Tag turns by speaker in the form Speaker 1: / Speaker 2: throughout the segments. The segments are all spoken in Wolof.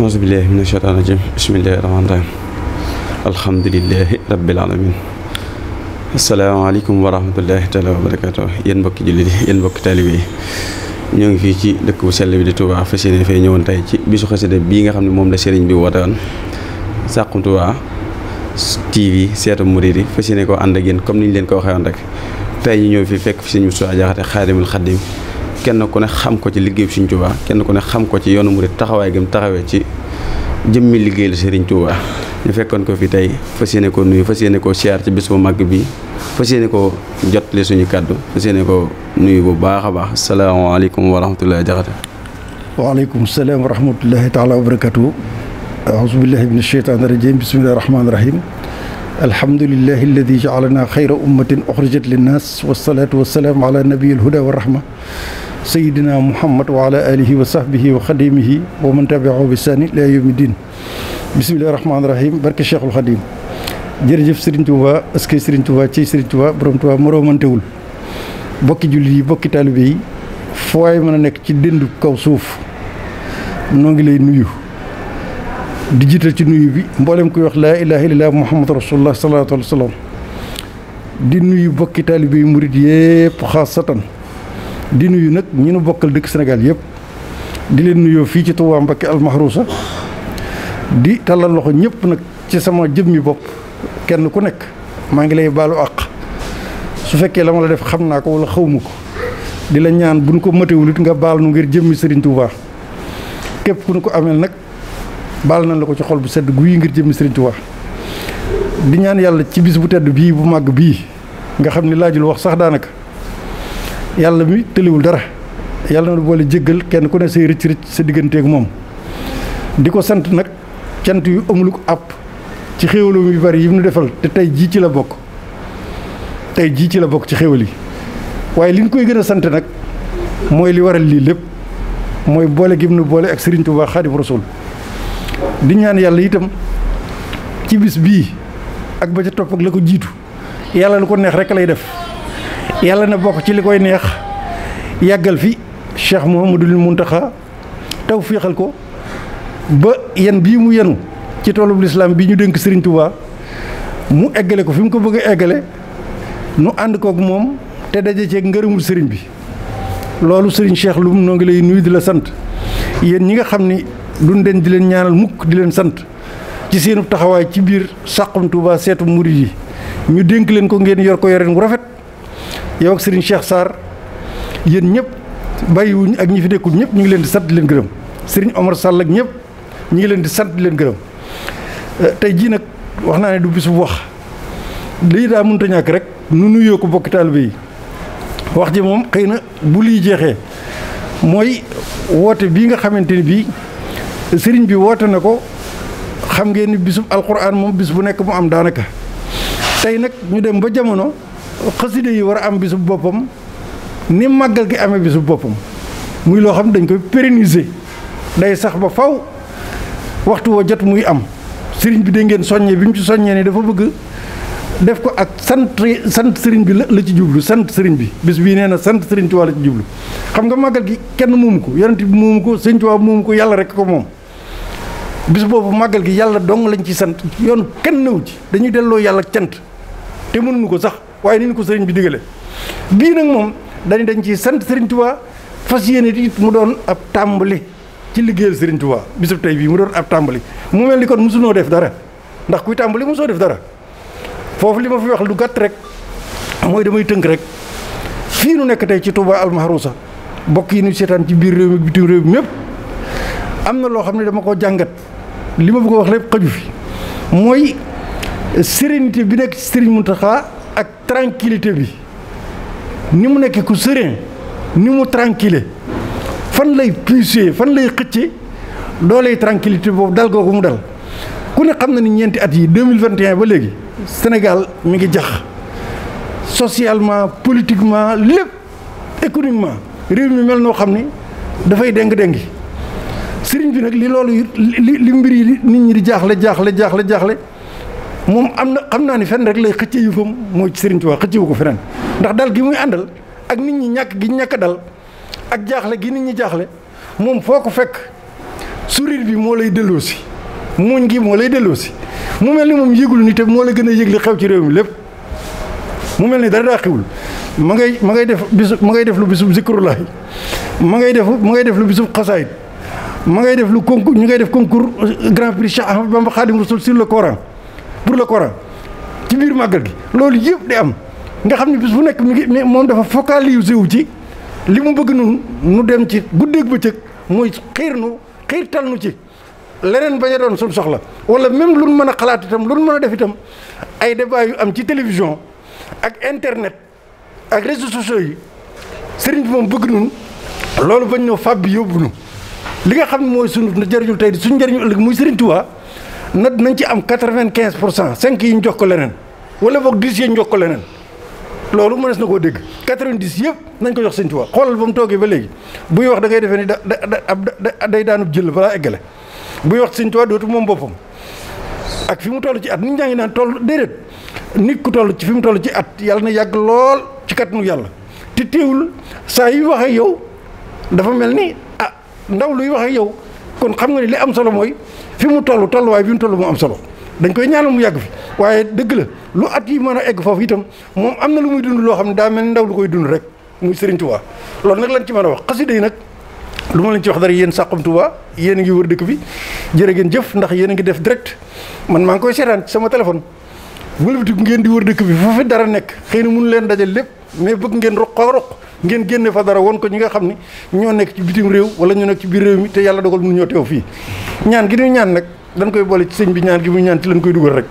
Speaker 1: auzu billaahi mina sheytaani rajiim bismillaahi rahmaani rahiim alhamdulillaahi rabbil aalamiin asalaamaaleykum wa rahmatullaahi taalaa wa barakaatu yéen mbokki jullit yi yéen mbokki taalibe yi ñoo ngi fii ci dëkk bu sell bi di Touba fas yéene fay ñëwoon tey ci bisu xasida bii nga xam ne moom la sëriñ bi woote woon Saxum Touba TV seetu murid yi fas yéene koo ànd ak yéen comme ni ñu leen ko waxee woon rek ñu ñëw fi fekk fi sëriñ Moustapha Jaxate xaadimul xaddim kenn ku ne xam ko ci liggéeyu serigne touba kenn ku ne xam ko ci yoonu murid taxaway gi taxawé ci jëmmi liggéey serigne touba ñu fekkon ko fi tay fassiyene ko nuyu fassiyene ko koo ci bisbu mag bi fassiyene ko koo jottali suñu kàddu fassiyene ko nuyu bu baaxa baax a baax asalaamaaleykum wa rahmatullahi
Speaker 2: wa alaykum assalam wa rahmatullahi taala wa barakatuh a'udhu billahi minash shaitani irajim bismillahir rahmanir rahim الحمد لله الذي جعلنا خير أمة أخرجت للناس والصلاة والسلام على النبي الهدى والرحمة سيدنا محمد وعلى آله وصحبه وخديمه ومن تبعه بسان إلى يوم الدين بسم الله الرحمن الرحيم بركة الشيخ الخديم jërëjëf Serigne Touba est-ce que Serigne Touba ci Serigne Touba borom Touba moroomantewul bokki jullit yi bokki taalibe yi fooy mën a nekk ci dëndu kaw suuf noo ngi lay nuyu di jiital ci nuyu bi mboolem kuy wax laa ilaha illallah muhammadu rasulullah sallallahu alayhi wa sallam di nuyu bokki taalibe yi murit yépp xaasatan di nuyu nag ñi nu bokkal dëkk Sénégal yëpp di leen nuyoo fii ci Touba Mbacké almahrousa di tàllal loxo ñëpp nag ci sama jëmmi bopp kenn ku nekk maa ngi lay baalu àq su fekkee la ma la def xam naa ko wala xawma ko di la ñaan bu nu ko matewul it nga baal nu ngir jëmmi Serigne Touba képp ku nu ko ameel nag baal nañ la ko ci xol bu sedd guyi ngir jëmmi Serigne Touba di ñaan yàlla ci bis bu tedd bii bu màgg bii nga xam ni laajul wax sax daanaka yàlla mi tëliwul dara yàlla na boole jéggal kenn ku ne say rëcc rëcc sa digganteeg moom di ko sant nag cant yu amulu ko app ci xéewalu yu bari yi mu defal te tey jii ci la bokk tey jii ci la bokk ci xéewal yi waaye li koy gën a sant nag mooy li waral lii lépp mooy boole gi mu boole ak Serigne Touba Xaadimu Rasuul di ñaan yàlla itam ci bis bii ak ba ca topp la ko jiitu yàlla lu ko neex rek lay def. yalla na bok ci likoy neex yagal fi cheikh mohamoudou Muntaxa taw ko ba yan bi mu yenu ci toolub l'islam bi ñu denk Serigne Touba mu eggalé ko fim ko bëgg eggalé nu nu ko ak mom té dajé ci ngërëmul Serigne bi lolu Serigne Cheikh Loum no ngi lay nuyu di la sante ñi nga xamni duñ den di leen ñaanal mukk di leen sant ci seenu taxaway ci bir Saxum Touba setu mouride yi ñu denk leen ko ngeen yor ko yoreen rafet yow ak Serigne Cheikh Sarr yéen ñëpp bàyyiwuñ ak ñi fi dekkul ñep ñu ngi leen di sant di leen gërëm Serigne Omar Sall ak ñep ñi ngi leen di sant di leen gërëm euh, tay ji nak wax na ne du bisu wax li da daa ta ñak rek nu nuyo ko bokk taalibe yi wax ji mom xeyna bu li jexé moy wote bi nga xamanteni bi serigne bi wote nako xam ngeen ni bisu alquran mom bis bu mu am danaka tay nak ñu dem ba jamono xasida yi war a am bisu boppam ni magal gi amee bisu boppam muy lo xam dañ koy pérenniser day sax ba faw waxtu wo jot muy am serigne bi de ngeen soññee bi mu ci soññee né dafa bëgg def ko ak sante sante serigne bi la la ci jublu sante serigne bi bis bi nee sante serigne sëriñ la ci jublu xam nga magal gi kenn moomu ko yonent bi moomu ko sëriñ Tuubaa moomu ko yàlla rek ko mom bis bobu magal gi yalla dong lañ ci sante yoon kenn nëw ci dañuy yalla ci sante te mënuñu ko sax waye niñ ko sëriñ bi digale bi nak mom dañ dañ ci sante sëriñ Tuubaa fas yéene it mu doon ab tambali ci liggéeyal sëriñ Tuubaa bisub tay bi mu doon ab tambali mu melni ni kon mosunoo def dara ndax kuy tambali musu def dara fofu li ma fi wax lu gatt rek moy damay teunk rek fi nu nek tay ci Touba mahrusa bokk yi ñu sétane ci biir réew mi réew mi amna lo xamni dama ko jangat lima bëgg wax lepp xaju fi moy bi nek serigne ak tranquillité bi ni mu nekk ku serein ni mu tranquille fan lay puiser fan lay xëcce dooley tranquillité boobu dal googu mu dal ku ne xam na ni ñeenti at yi 2021 ba léegi Sénégal mu ngi jax socialement politiquement lépp économiquement réew mi mel noo xam ne dafay déng-déngi sëriñ bi nag li loolu li li mbir yi nit ñi di jaaxle jaaxle jaaxle jaaxle moom am na xam naa ni fen rek lay xëcc yu fam mooy ci Serigne Touba xëccewu ko feneen ndax dal gi muy àndal ak nit ñi ñàkk gi ñàkk dal ak jaaxle gi nit ñi jaaxle moom foo ko fekk sourire bi moo lay delloo si muuñ moo lay delloo si mu mel ni moom yëgul ni moo la gën a yëg xew ci réew mi lépp mu mel ni dara daa xewul ma ngay ma ngay def bisu ma ngay def lu bisub zikrulaay ma ngay def ma ngay def lu bisub xasaayit ma ngay def lu concours ñu ngay def concours grand prix Cheikh Ahmadou Bamba sur le Coran pour le Coran ci biir màggal gi loolu yëpp di am nga xam ne bi bu nekk mi ngi moom dafa focaliser wu ci li mu bëgg nun nu dem ci guddeeg bëccëg muy xiir nu xiir tal nu ci leneen bañ doon suñ soxla wala même luñ mën a xalaat itam luñ mën a def itam ay débat yu am ci télévision ak internet ak réseaux sociaux yi sëriñ bi moom bëgg nun loolu bañ ñoo fab bi yóbbu nu li nga xam ne mooy sunu jëriñu tey di suñu njëriñu ëllëg muy sëriñ Tuubaa nat nañ ci am 95 5 yi ñu jox ko leneen wala bok 10 yi ñu jox ko leneen loolu mënees na koo deg 90 yëpp nañ ko jox señ tuwa xoolal bu mu toogee ba legi buy wax da ngay defee ni da da day daanu jël bala egalé buy wax señ tuwa dootu mom boppam ak fi mu toll ci at nit ñaa naan tollu déedéet nit ku tollu ci fi mu toll ci at yalla na yag lol ci kattanu yalla ti teewul sa yi wax ak yow dafa melni ah ndaw luy wax ak yow kon xam nga ni li am solo moy fi mu tollu way bi mu tollu mu am solo dañ koy ñaanal mu yag fi waaye deug la lu at yi mëna egg fofu itam moom amna lu muy dund lo xamni da mel ndaw lu koy dund rek muy Serigne Touba lool nak lañ ci mëna wax qasida yi nak lu ma leen ci wax dara yeen Saxum Touba yeen ngi wër dekk bi jere gene jëf ndax yeen ngi def direct man ma ngi koy seetaan ci sama téléphone wëlbatiku ngeen di wër dekk bi fofu dara nek xeyna mënu leen dajal lepp mais bëgg ngeen roq roq ngeen génne fa dara won ko ñi nga xam ni ñoo nekk ci bitim réew wala ñoo nekk ci biir réew mi te yàlla dogal mun ñoo teew fii ñaan gi ñuy ñaan nag dañ koy boole ci sëñ bi ñaan gi muy ñaan ci lañ koy dugal rek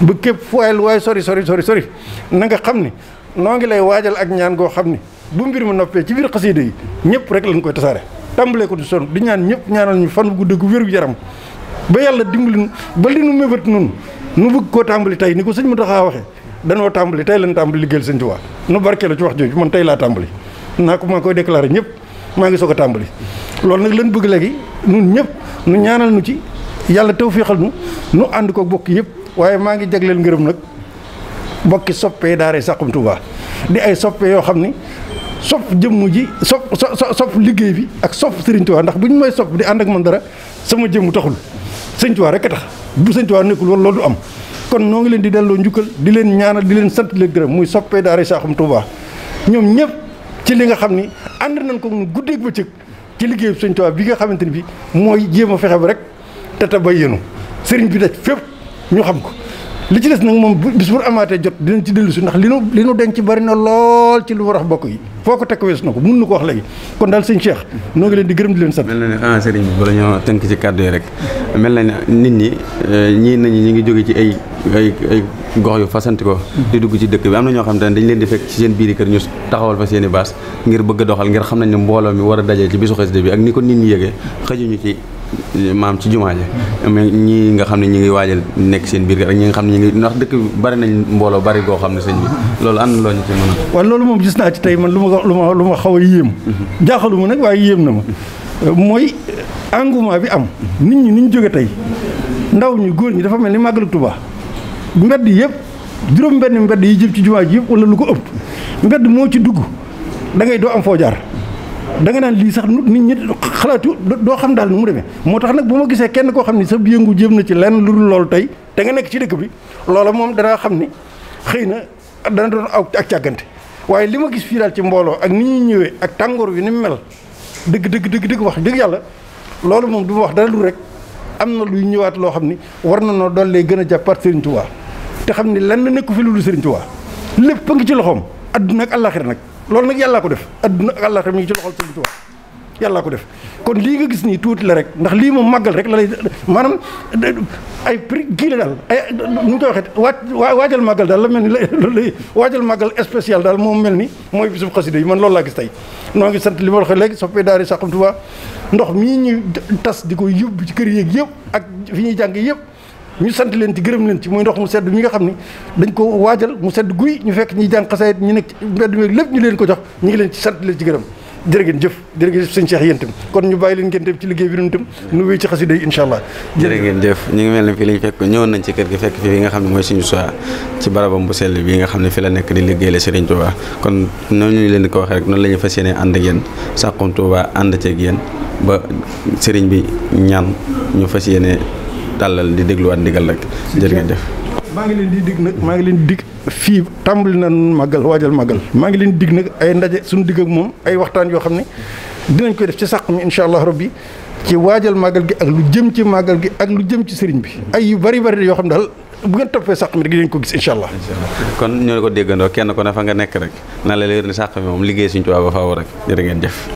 Speaker 2: ba képp foyal waaye sori sori sori sori na nga xam ni noo ngi lay waajal ak ñaan goo xam ni bu mbir mu noppee ci biir xasiida yi ñëpp rek lañ koy tasaare tàmbalee ko di son di ñaan ñëpp ñaanal ñu fan bu gudd gu wér yaram ba yàlla dimbali ba li nu mébét nun nu bëgg koo ni ko sëñ mu taxaa waxee danoo tàmbali tey lañ tàmbali liggéeyal sëñ Tuubaa nu barkeelu ci wax jooju man tey laa tàmbali naa ko maa koy déclaré ñëpp maa ngi soog a tàmbali. loolu nag lan bëgg léegi ñun ñëpp nu ñaanal nu ci yàlla tawféexal nu nu ànd ko bokk yëpp waaye maa ngi jagleel ngërëm nag bokki soppee daaree Saxum Touba di ay soppee yoo xam ni. sopp jëmm ji sopp sopp liggéey bi ak sopp Serigne Touba ndax bu ñu may sopp di ànd ak man dara sama jëmm taxul Serigne Touba rek tax bu Serigne Touba nekkul woon loolu du am kon noo ngi leen di delloo njukkal di leen ñaanal di leen sant leen gërëm muy soppee daara Saxum Touba ñoom ñëpp ci li nga xam ni ànd nañ ko guddeeg bëccëg ci liggéey Sëñ Tuubaa bi nga xamante ni bi mooy jéem a fexe rek te te bay yenu sëriñ bi daj fépp ñu xam ko li ci des nak mom bis bu amate jot dinañ ci delu su ndax li nu li nu denc bari na lol ci lu wax bokk yi foko tek wess nako mën nuko wax legi kon dal seigne Cheikh no ngi len di gërem di len
Speaker 1: mel na ah sering, bi bala ñoo tenk ci cadeau yi rek mel na ne nit ñi eh, ñi nañ ñi ngi joggé ci ay ay ay gox yu fasanti ko di dugg ci dëkk bi amna na ñoo xam tane dañ leen di fekk ci seen biir kër ñu taxawal fa seen bass ngir bëgg doxal ngir xam nañ ni mbolo mi wara dajé ci bisu xasida bi ak ni ko nit ñi yëgee xëjuñu ci maam ci jumaa ji mais ñii nga xam ne ñi ngi waajal nekk seen biir ak ñi nga xam ne ñi ngi ndax dëkk bari nañ mbooloo bari goo xam ne sëñ bi loolu am na loo ñu ci mën a
Speaker 2: waaye loolu moom gis naa ci tey man lu ma lu ma lu ma xaw a yéem jaaxalu ma nag waaye yéem na ma mooy engouement bi am nit ñi ni ñu jóge tey ndaw ñu góor ñi dafa mel ni màggalu Tuubaa mbedd yëpp juróom benn mbedd yi jëm ci jumaa ji yëpp wala lu ko ëpp mbedd moo ci dugg da ngay doo am foo jaar da nga naan lii sax nit ñi xalaatu doo xam daal ni mu deme moo tax nag bu ma gisee kenn koo xam ni sa yëngu jéem na ci lenn lu dul loolu tey da nga nekk ci dëkk bi loola moom danaa xam ni xëy na dana doon aw ak càggante waaye li ma gis fii daal ci mbooloo ak ni ñuy ñëwee ak tàngoor wi ni mu mel dëgg dëgg dëgg dëgg wax dëgg yàlla loolu moom du ma wax dara lu rek am na luy ñëwaat loo xam ni war na noo doollee gën a jàppaat tu Touba te xam ni lenn nekku fi lu dul Serigne Touba lépp a ngi ci loxoom adduna ak àllaaxira nag loolu nag yàllaa ko def adduna ak àllaaxira mi ngi ci loxol Sëriñ Tuubaa yàllaa ko def kon lii nga gis nii tuuti la rek ndax lii moom màggal rek la lay maanaam ay prix kii la daal ay nu ñu koy waxee waa waajal màggal daal la mel ni loolu lay waajal màggal spécial daal moom mel ni mooy bisub xasida yi man loolu laa gis tey noo ngi sant li ma wax léegi soppee daari Saxum Touba ndox mii ñuy tas di koy yóbbu ci kër yéeg yëpp ak fi ñuy jàng yëpp ñu sant leen ci gërëm leen ci mooy ndox mu sedd mi nga xam ne dañ ko waajal mu sedd guy ñu fekk ñuy jàng xasaayit ñu nekk ci mbedd mi lépp ñu leen ko jox ñu ngi leen ci sant leen ci gërëm jërë ngeen jëf jërë ngeen jëf sëñ tam kon ñu bàyyi leen ngeen dem ci liggéey bi noonu tam nu wéy ci xasida yi incha allah
Speaker 1: jërë ngeen jëf ñu fekk ñëwoon nañ ci kër gi fekk fii bi nga xam ne mooy suñu soi ci barabam bu sell bi nga xam ne fi la nekk di liggéey la Serigne Touba kon noonu leen di ko waxee rek noonu la ñu fas yéene ànd ak yéen Saxum Touba ànd ceeg yéen ba bi ñaan ñu fas yéene tàllal di dégluwaat ndigal rek jërë ngeen jëf
Speaker 2: maa ngi leen di dégg nag maa ngi leen digg fii tàmbali na màggal waajal màggal maa ngi leen digg nag ay ndaje suñu digg moom ay waxtaan yoo xam ne dinañ koy def ci sàq mi incha allah rabbi ci waajal màggal gi ak lu jëm ci màggal gi ak lu jëm ci sëriñ bi ay yu bari bari yoo xam daal bu ngeen toppee sàq mi rek dinañ ko gis incha allah
Speaker 1: kon ñoo ko déggandoo kenn ko ne fa nga nekk rek na la leer sàq mi liggéey suñu tubaab ba faaw rek jërë ngeen jëf